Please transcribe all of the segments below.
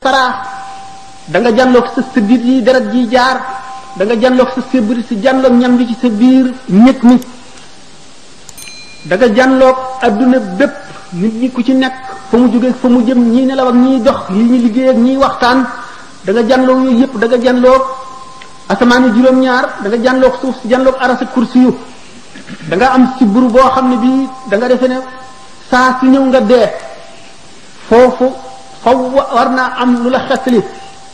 sara da nga janloog sa bir yi deret ji jaar da nga janloog sa sibir ci janloog ñam bi ci sa biir ñëg mi da nga janloog aduna bepp nit ñi ku ci nek fa mu joge fa mu jëm ñi nelaw ak ñi dox yi ñi liggey ak ñi waxtaan da nga yu yep da nga asmanu ñaar da nga suuf arasa kursiyu da nga am ci buru bo xamni bi da nga defene sa ci ñew nga de fofu فورنا أم لا خطلي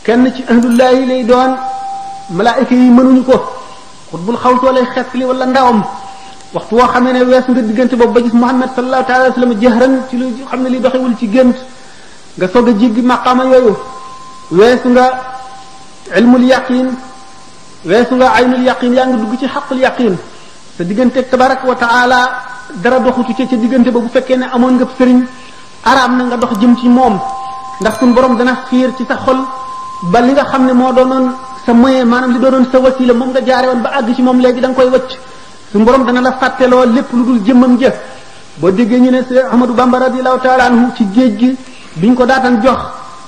كان نتي أهل الله لي دون ملائكة يمنون كو قطب الخوت ولا خطلي ولا نداوم وقت وا خمنا ويس نريد جنت بجيس محمد صلى الله عليه وسلم جهرا تلو خمنا لي دخي ولي جنت غسوغ جيغ مقام يويو أيوه. ويس نغا علم اليقين ويس نغا عين اليقين يانغ دوغ تي حق اليقين sa diggante tabaraka wa ta'ala dara doxu ci ci diggante ba bu fekkene amon nga serigne aram na nga dox jëm ci mom ndax suñu borom dana fiir ci sa xol ba li nga xam ne moo doon sa moyen maanaam li doonoon sa wasila moom nga jaare woon ba àgg ci moom léegi da nga koy wëcc suñu borom dana la fàtteloo lépp lu dul jëmmam jëf boo déggee ñu ne Seex Ahmadu Bamba radiyallahu taala anhu ci géej gi ñu ko daatan jox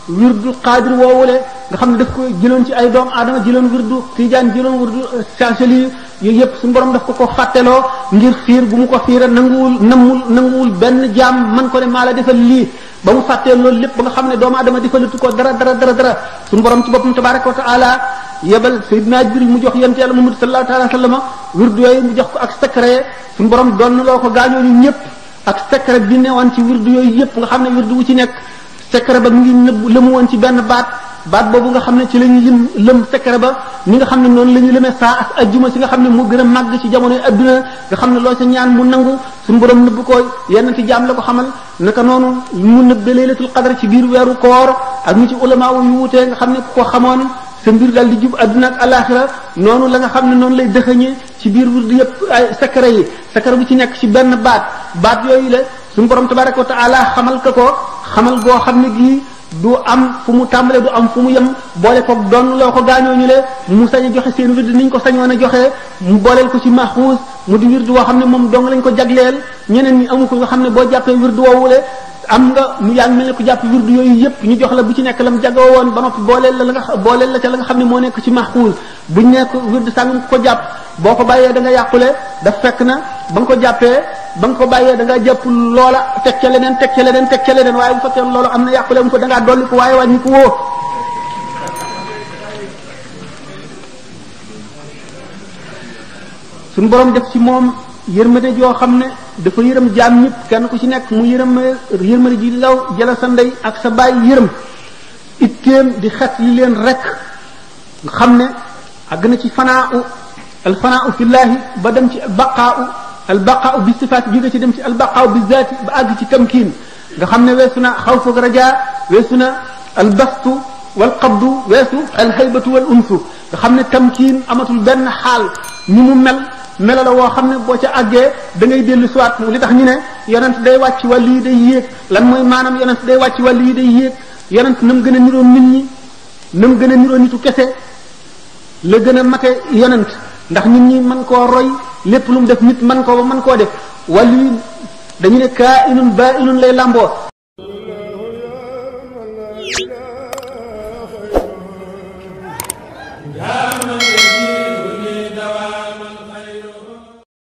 wirdu xaadir woowule nga xam ne daf ko jëloon ci ay doom aadama jëloon wirdu tijaan jëloon wirdu sanseli yooyu yëpp suñu borom daf ko ko fàtteloo ngir fiir bu mu ko fiira nanguwul nammul nanguwul benn jaam man ko ne maa la defal lii ba mu fàttee loolu lépp ba nga xam ne doomu adama defalatu ko dara dara dara dara suñu borom ci boppam tabaraka wa taala yebal sayyidina Jibril mu jox yonent yàlla Muhammad sallallahu taala wa sallama wirdu yooyu mu jox ko ak secret suñu borom doon loo ko gaañoo ñu ñëpp ak secret bi newoon ci wirdu yooyu yëpp nga xam ne wirdu wu ci nekk secret ba mu ngi nëbb la mu woon ci benn baat baat boobu nga xam ne ci la ñuy lim lëm secret ba ni nga xam ne noonu la ñuy lëmee saa ak ajjuma si nga xam ne moo gën a màgg ci jamonoy adduna nga xam ne loo ca ñaan mu nangu suñu borom nëbb ko yenn ci jaam la ko xamal naka noonu mu nëbb laylatul qadar ci biir weeru koor ak ñu ci ulama yu wuutee nga xam ne ku ko xamoon sa mbir daal di jub àdduna ak alaxira la nga xam ne noonu lay dëxëñee ci biir wird yëpp ay secret yi secret bu ci nekk ci benn baat baat yooyu la suñu borom tabaraka wa taala xamal ka ko xamal goo xam ne gii du am fu mu tàmbalee du am fu mu yem boole koog doon loo ko gaañoo ñu mu sañ joxe seen wird niñ ko sañoon a joxe mu booleel ko ci maxuus mu di wird woo xam ne moom dong lañ ko jagleel ñeneen ñi amu ko nga xam ne boo jàppee wird woowule am nga yaa ngi mel ne ko jàpp wird yooyu yëpp ñu jox la bu ci nekk la lam jagoo woon ba noppi booleel la la nga booleel la ca la nga xam ne moo nekk ci maxuus buñ nekk wird sàng ko jàpp boo ko bàyyee da nga yàqule fekk na ba ko jàppee ba nga ko bàyyee da ngaa jàpp loola teg ca leneen teg ca leneen teg ca leneen waaye bu fekkee loolu am na yàqule mu ko da ngaa dolli ko waaye wàññi ko woo suñu borom def ci moom yërmande joo xam ne dafa yërëm jaam ñëpp kenn ku ci nekk mu yërëm yërmande ji law jëla sa ndey ak sa baay yërëm itteem di xet yi leen rek nga xam ne àgg na ci fanaa u al fanaa u fillaahi ba dem ci baqaa u albaqaaw bi sifaat jóge ci dem ci albaqaaw bi zaati ba àgg ci tamkin nga xam ne weesu na xawfu raja weesu na albastu wal qabdu weesu alhaybatu wal unsu nga xam ne tamkin amatul benn xaal ni mu mel mela la woo xam ne boo ca àggee da ngay dellu siwaat li tax ñu ne yonent day wàcc wàll yi day yéeg lan mooy maanaam yonent day wàcc wàll yi day yéeg yonent nam gën a niroo nit ñi nam gën a niroo nitu kese la gën a mate yonent ndax nit ñi mën koo roy lepp lu mu def nit man ko man ko def wàllu dañu ne kaa inun baa inun lay lambo